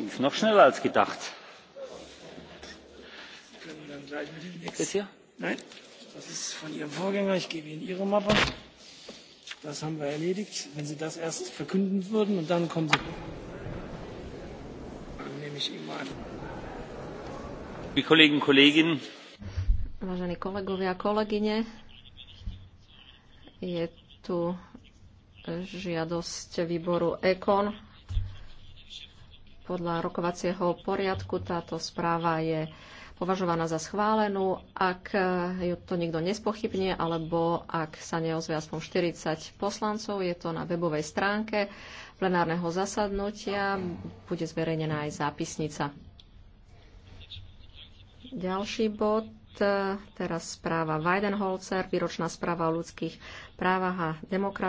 Lief noch schneller als gedacht. Nein, das ist von Ihrem Vorgänger. Ich gebe Ihnen Ihre Mappe. Das haben wir erledigt. Wenn Sie das erst verkünden würden und dann kommen Sie. Dann nehme ich Ihnen mal an. Die Kollegen, Kolleginnen. Vážení kolegovia a kolegyne, je tu žiadosť výboru ECON podľa rokovacieho poriadku táto správa je považovaná za schválenú, ak ju to nikto nespochybne, alebo ak sa neozve aspoň 40 poslancov. Je to na webovej stránke plenárneho zasadnutia. Bude zverejnená aj zápisnica. Ďalší bod, teraz správa Weidenholzer, výročná správa o ľudských právach a demokracii.